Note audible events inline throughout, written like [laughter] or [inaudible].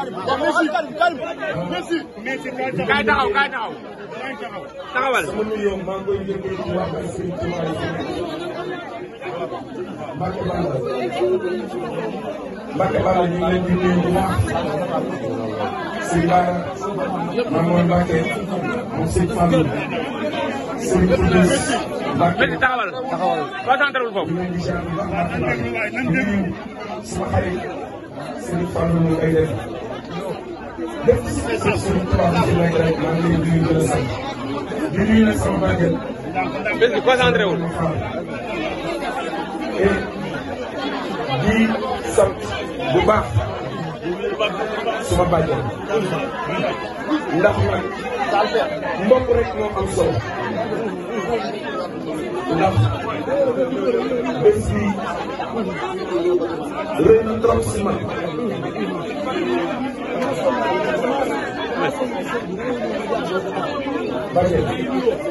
merci merci merci kaay taxaw kaay taxaw taxawal sama nuyoo maa ngi koy yëngal ci waa kër Serigne Touba Mbacke Balla Mbacke Balla ñu ngi leen di nuyu bu baax Serigne Bara maa ngi woon Mbacke moom Serigne Fallou Serigne Koudous Mbacke taxawal taxawal concentré foofu ñu ngi leen di ziar bu baax Mbacke Balla sama xarit Serigne Fallou mu koy def lépp ci message suñu tubaab bi di nuyu gën a di nuyu nag sama bàjjen. bés bi concentré wul. et di sant trop si man.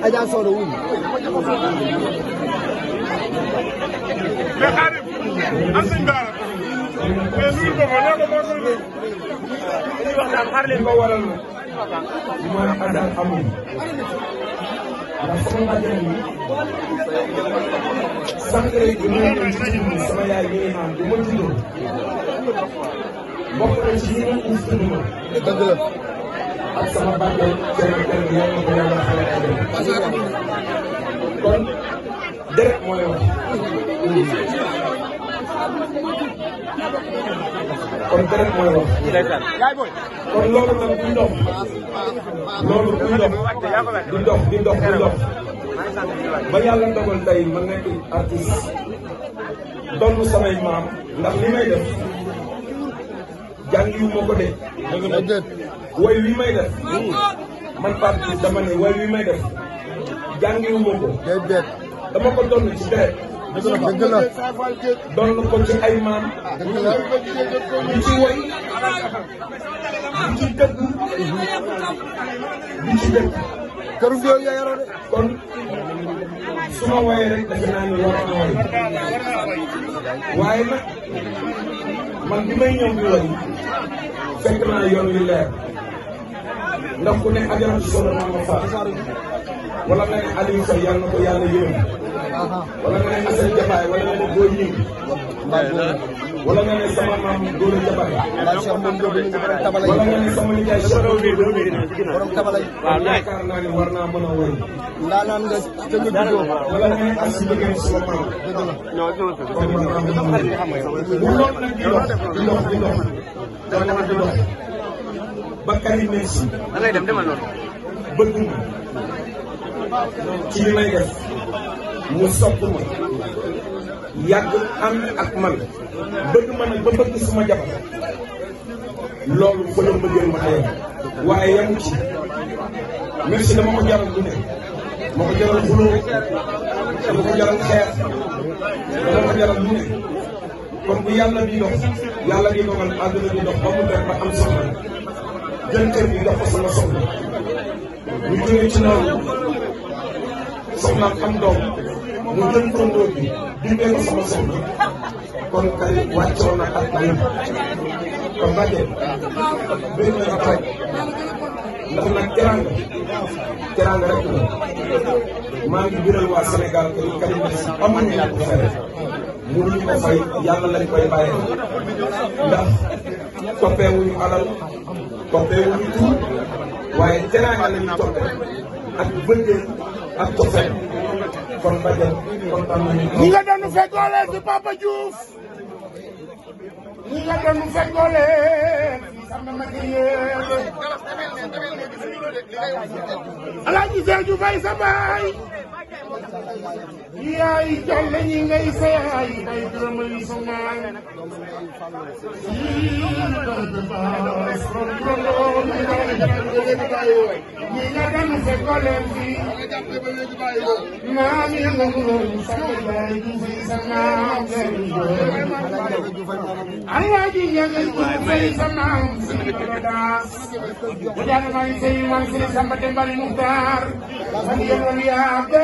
Aja Soda wuy mais Arif am nañ baara mais nuyu ko fa nee ko boo nuyu ñu waxtaan xar leen ko waral mooy Aja amul ndax sama bàjjen bi sànq rek dama leen ci sama yaay mi ngi naan du ma juddoo bokk na ci ñi nga uuf dund ma. dëgg la. ak sama bànneel keneen keneen yàlla na ko yàlla kon deret mooy wax. kon deret mooy wax. kon loolu tam du ndox. loolu du ndox du ndox du ndox du ndox. ba yàlla dogal tey ma donnu samay maam ndax li may def. jàngiwu ma ko de. dëgg way wi may def. man Pape Diouf dama ne way wi may def jàngiwu ma ko. déedéet dama ko doon ci deret. dëgg la ko ci ay maam. dëgg la di ci way di ci dëgg. Mhm. di ci dëgg. kër gi yooyu yaa yoroo de kon. su ma woyee rek defe naa ne war waaye nag man bi may ñëw di woy fekk naa yoon wi leer ku ne ajaratu solo naa ma faa wala nga ne Aliou Sow yàlla na ko yàlla yërëm wala nga ne Assane Diabaye wala nga ne Boy wala nga ne sama maam góor a jabare wala nga ne sama nijaay borom tabalay yaakaar naa ne war naa mën a woy ndaa naan nga te nga juddoo wala nga ne as liggéey sama maam bu lool nag di dox di dox di dox dana di dox ba kari merci da ngay dem demal loolu bëgg ma ci li may def mu sopp ma yàgg ànd ak man bëgg man ba bëgg suma jabar loolu ba doon bëggeel ma tey waaye yamu ci merci dama ko jaral lu ne ma ko jaral xuloo dama ko jaral xeex dama ko jaral ne kon bu yàlla di dox yàlla di dogal àdduna di dox ba mu def ba am soxla jël bi dox ko sama soxla ñu jógee ci noonu soxnaam am doom ñu jël tontu bi di béy ko sama soxna kon kay wàccoon na ak ñun kon Mbacke béy na ak rek ndax nag teraanga teraanga rek la maa ngi biral waa Sénégal que ni Karim Meïssa amuñu ñàkk fere mënuñu ko fay yàlla lañ koy bàyyee ndax toppee alal toppee wuñu waaye teraanga lañu toppee ak bëggee ak cofeel kon Mbadiane kontaan nañu. Papa Diouf ñi nga doon feggoole sama Alaaji Seydou Faye sa baay yaay jàlle ñi ngay seexaay bay gërëmal sa maam yii dabaas kon kondoo ñi nga danu sa golem bi maam yi nga gërëm sa bay du fi sa maam leen jooy alaaji ñanga du fay sa maam si bagadaas bu jàll maa ngi sey maa ngi sey samba dembal muxtaar sa ngi yenoon yaa be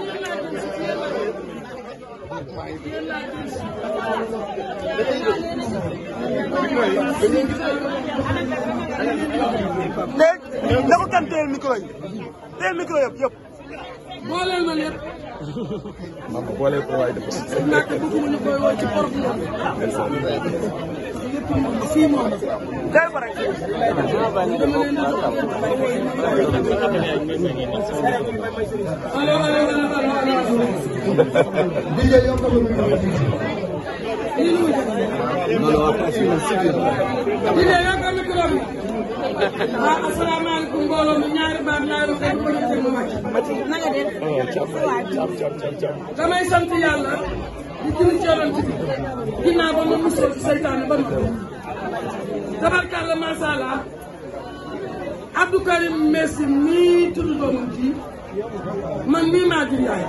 léegi dafa kan téye micro yi téye micro yëpp yëpp. booleel ma lépp. maa ko booleel ko waaye dafa. naka bëgguma ñu koy woo ci lépp moom la fii moom waaw asalaamaaleykum mbooloo mi ñaari baat laay wax rek ba ñu tegu wàcc. na nga def. damay sant yàlla. julli ci yonent bi ginnaaw ba ma musoo ci seytaane ba noppi tabarkàlla macha allah Karim Messi nii tudd doomam ji man nii maa jur yaay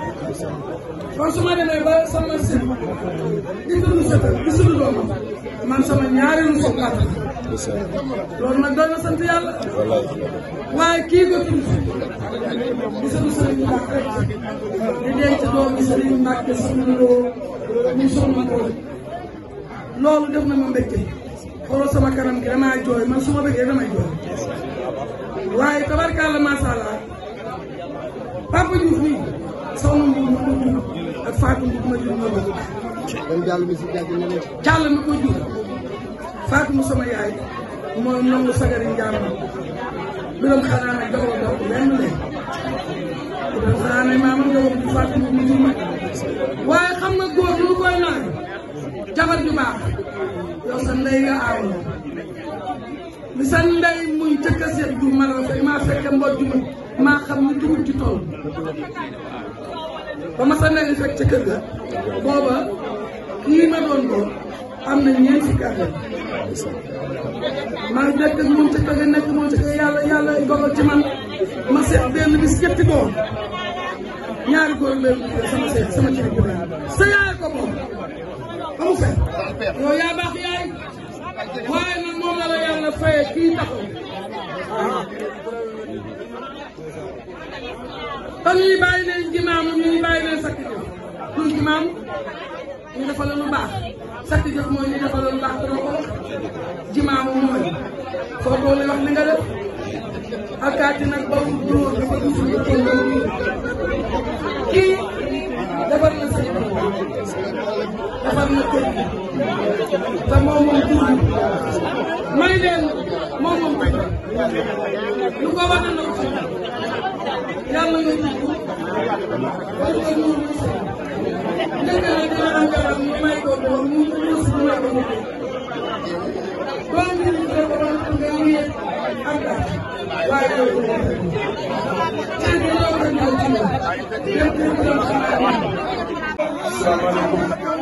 demee ba sama sët di tudd sëtam di tudd doomam man sama ñaareelu sët laa tudd loolu nag doon waaye kii nga tudd di tudd sëriñ Mbàkke di denc doomi sëriñ Mbàkke suñu ñu sonn ko loolu def na ma mbégte xoolal sama kanam gi damaa jooy man su ma bëggee damay jooy waaye tabarkalla macha allah Papa Diouf nii soxna Mbour ma ko jur ak Fatou Mbour ma jur ma jur. kon jàll mi si na leen. jur Fatou mu sama jur ma. maam yow sa ndey nga aaw li sa ndey muy jëkk a seet du ma la fay maa fekk mboj ju maa xam ni dugub ci tool ba ma sa ndey di fekk ca kër ga booba kii ma doon ko am na ñeent fukki at maa ngi nekk moom ca kër ga nekk moom ca kër yàlla yàlla dogal ci man ñaari góor sama seet sama ceeb bi sa yaay ko moom amu fenn yow yaa baax yaay waaye nag moom la la yàlla fayee kii taxaw kon ñuy bàyyi leen jimaamam ñu ñu bàyyi leen sakki jëf pour jimaam ñu defal la lu baax sakki jëf mooy ñu defal la lu baax dama ko wax mooy soo ko wax li nga def alkaati nag ba mu dafa dugg ci defar na kër gi te moom moom tur bi may leen moom moom lu ko war a naw ci yàlla na dugg war nga nuur bi si dëgg la dina am yaram mu may ko góor mu ruus mu may ko mu doon ngir ñu ko war a nga wéet ak daal waaye loolu moo ci loolu la ñu ko ci lépp lu doon ci asalaamaaleykum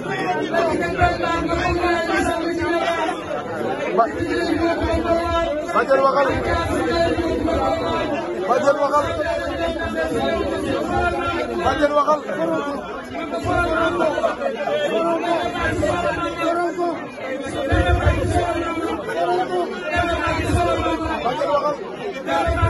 Bajal waxal bajal waxal bajal waxal bajal waxal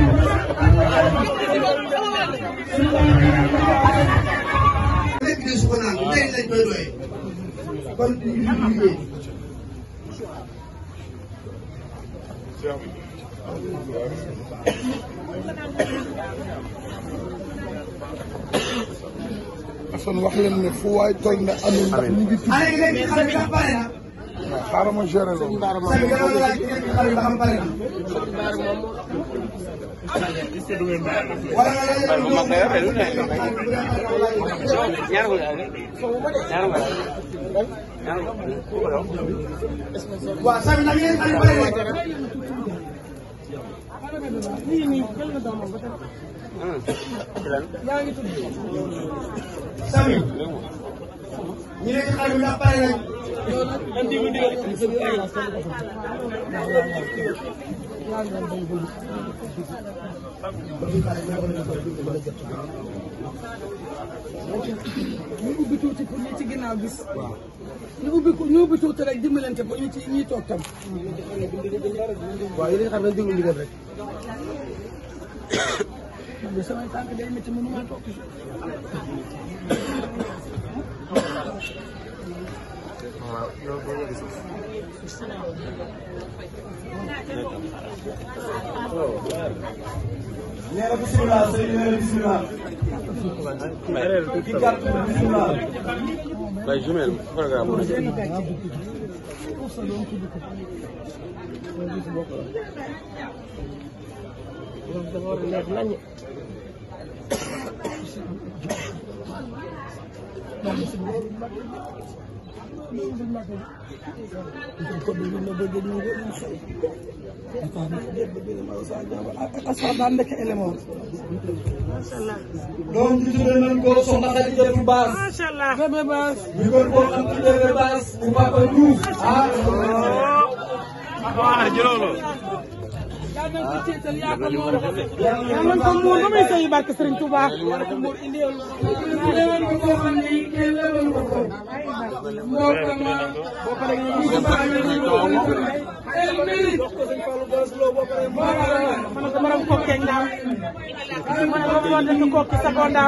lañ koy doyee kon ñu ngi liggéey Assane wax leen ne fu waay toll ne amul ndax ñu ngi tudd xaaral ma gérer loolu. waaw Samy na ngeen Aliou Bale de. Samy. ñu ne ci xaar yi ndax pare nañ. ñu ubbi tuuti pour ñu ci ginnaaw gis. ñu ubbi ñu ubbi tuuti rek dimbalante ba ñu ci ñuy a tam. waaw yéen a xam ne déglu ndigal rek. man [coughs] de samay tànk day métti mënuma toog waaw loolu boo gis. nee na bisimilah sëñ bi nee na bisimilah. ki gàtt bisimilah. bay jumel programme. dafa war a leer nañ asxaabaan ndeke élément donc ñu tuddee nañ ko soxna Xadijatu Baas bébé Baas ñu gën koo xam ci bébé Baas bu Papa Diouf ah yàlla na ko jiital yaa ko moom yàlla na ko muur ba muy sëyi barke muur indi yoon léwén ko ma boo ma ne ko maram kokkee ndaam ma ne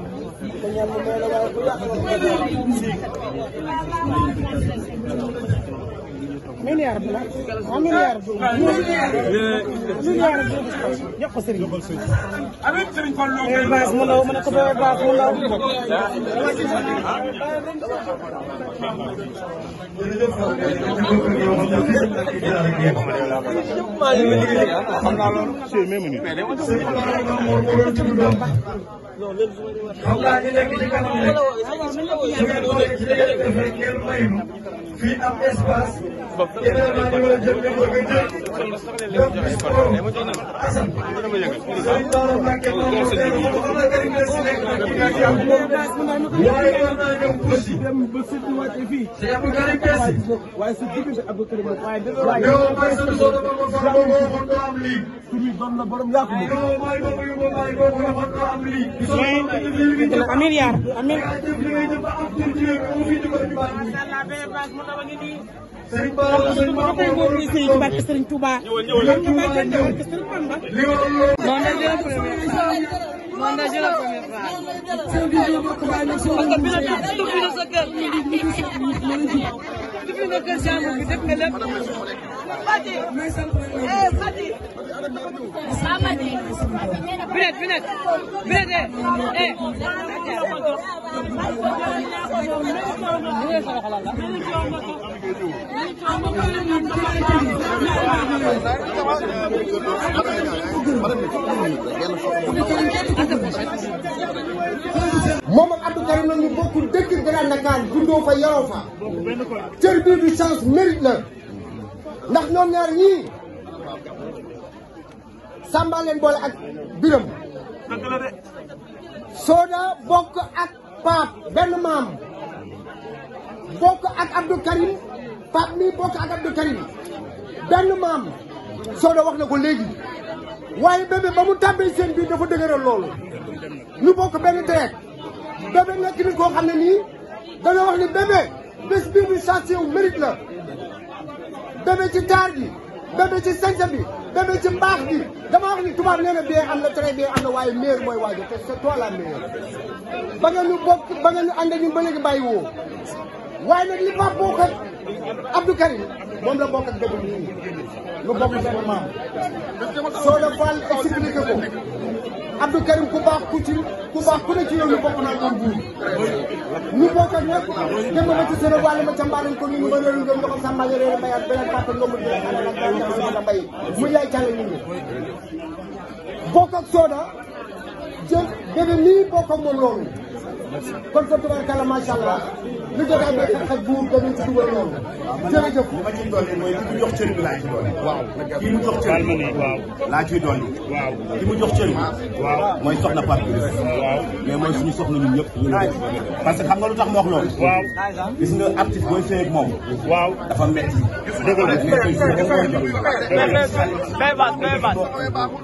Yàlla may la waaye bu yàq miliyaar bu la ah miliyaar bu la miliyaar bu la jox ko sëriñ bi. tey baas mu ndaw mu ne ko bébé baas mu ndaw. xam naa ne nekk ci kanam rek. fii am espace événement yi nga jël nga bëgg a jël def di sport asan sëriñ Bara Mbacké moom sëriñ bi am na këriñ la si nekk nag ñu ngi am waaye war naa ñëw aussi si yàpp këriñ kese yow mooy sa soo dama ko fa ko ko am lii yow mooy dama yu ma maay ko ko mais Amir Yar Amir. sëriñ Ba la sëriñ Ba la ko wër ci barke sëriñ Touba. ñëwal ñëwal moom la jëloon première fois. parce que bi nga dugg na sa kër. dugg na kër jàmbur bi def nga lépp. Fatick. Fatick. binet binet binet eh. eh. moom ak Abdou Karim la ñu bokkul dëkk Grand Dakar dundoo fa yaroo fa cër bii du chance mérite la ndax ñoom Samba leen boole ak Biram Soda bokk ak Pape benn maam bokk ak Abdou Karim Pape mi bokk ak Abdou Karim benn maam Soda wax na ko léegi waaye bébé ba mu tàmbee seen biir dafa dëgëral loolu ñu bokk benn deret bébé nekk ni koo xam ne nii dana wax ni bébé bés bii ñu chance yow mérite la bébé ci taar bi bébé ci sañsa bi demee ci mbaax gi dama wax ni tubaab nee na bien am na très bien am na waaye meilleur mooy waajo te c'est toi ba nga ñu bokk ba nga ñu ànd ak ñun ba léegi bàyyi woo waaye nag li Pape bokk ak Abdou moom la bokk ak dëgg nii lu bokk sama maam soo la Fall expliqué ko Abdou Karim ku baax ku ci ku baax ku ne ci yow ñu bokk naa moom buur ñu bokk ak ñëpp dem ma ci seen wàll ma càmbaale ko ni ñu ma réeru doon ndoxam sàmba nga réer mbay ak beneen papa nga mu dee xanaa la mbay mu yaay cale ñu bokk ak sooda jël bébé nii bokk ak moom kon fa tubaarkàlla macha allah lu jot a béykat ak buur dañuy ci dugal loolu. jërëjëf li ma ciy dolli mooy li mu jox cër bi laa ciy dolli. waaw kii mu jox cër bi waaw. laa ciy dolli. waaw li mu jox cër bi. waaw mooy soxna Pape Diouf. waaw mais mooy suñu soxna ñun ñëpp. parce que xam nga lu tax ma wax loolu. waaw gis nga artiste booy sëy ak moom. waaw dafa métti. dëgg la dëgg la dëgg la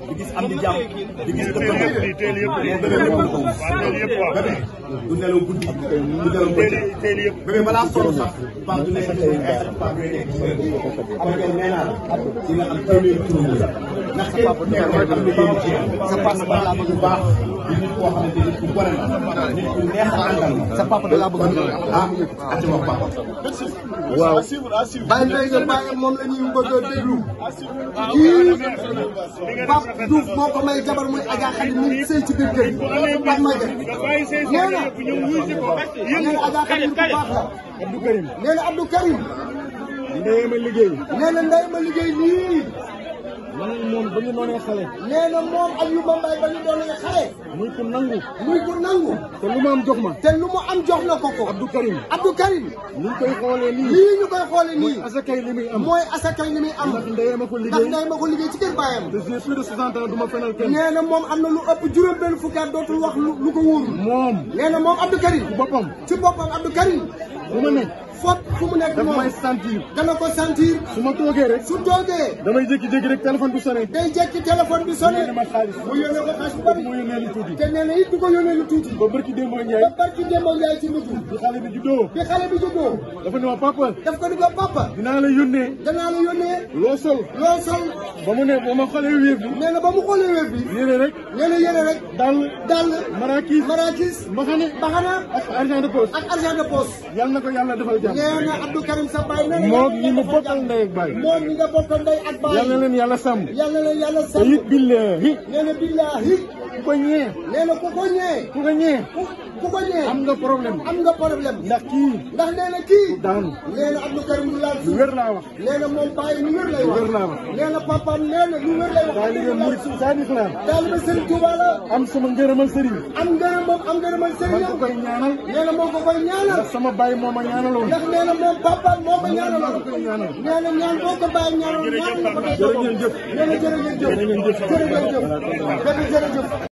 di gis am di jàmm di gis dëgg la. du nelaw guddi du nelaw bëccëg bébé balaa sonn sax Pape du nekk Pape du nekk Pape yow nee naa di nga am téeméeri turam la ndax kenn nekk rek am na yéen ci sa passe ba laa bëgg baax di nit koo xamante nit ku gore la nit ku neex a àndal sa papa da laa bëgg ah ak sama papa waaw bàyyi lay nga bàyyi moom la ñuy bëgg a déglu kii Pape Diouf moo ko may jabar muy Adja Khady mu sëy ci biir kër gi Pape Maguette nee na ñëpp ñu wuyu si ko yëngu Karim Karim Abdou Karim nee na Abdou Karim ndey ma liggéey nee na ndey ma liggéey nii man moom ba ñu doonee xale. nee na moom Ayouba Mbaye ba ñu doonee xale. muy ku nangu. muy ku nangu. te lu mu am jox ma. te lu mu am jox na ko ko. Abdou Karim. Abdou Karim. ni ñu koy xoolee nii. lii ñu koy xoolee nii. mooy asakay li muy am. mooy asakay li muy am. ndax ndey ma ko liggéey ndax ndey ma ko liggéey ci kër baayam. te moom am na lu ëpp juróom-benn fukki dootul wax lu ko wóorul. moom. nee moom Abdou Karim. ci boppam ci boppam Abdou Karim. bu ma ne. fop fu mu nekk moom may sentir. dana ko sentir. su ma toogee rek. su toogee. damay jékki-jékki rek téléphone bi sonné. day jékki téléphone bi sonné. mu yónnee ma xaalis mu yónnee ko xaalis bu bari. mu yónnee lu tuuti. te nee na it du ko yónnee lu tuuti. xale bi juddoo. bi xale bi juddoo. dafa ne ma papa. daf ko ne ma papa. dinaa la yónnee. danaa la yónnee. loo sol. ma xoolee wér bi. bi. yére rek. nee na rek. dàll. dàll. marakis. marakis. mbaxane. mbaxane. ak argent ak argent de yàlla ko yàlla nee na Abdou Karim sa baay nee na moom ñi mu bokkal ndey ak baay moom ñi nga bokkal ndey ak baay yal na leen yàlla sàmm yal na leen yàlla sàmm te it billaahi nee na billaahi ku ko nee na ku ko ku ko ku ko ñëwee am nga problème am nga problème ndax kii ndax nee kii daanu nee na Abdou Karim du laal suuf wér laa wax nee na moom bàyyi lu wér lay wax wér laa wax nee na papaam nee na lu wér lay wax taalibe murid saadix laa taalibe Serigne la am sama ngërëmal Serigne am ngërëmam am ngërëmal Serigne ko koy ñaanal nee na moo ko koy ñaanal ndax sama bàyyi moo ma ñaanaloon ndax nee na moom ko ñaanaloon nee na ñaan boo ko bàyyi ñaanaloon ñaan ko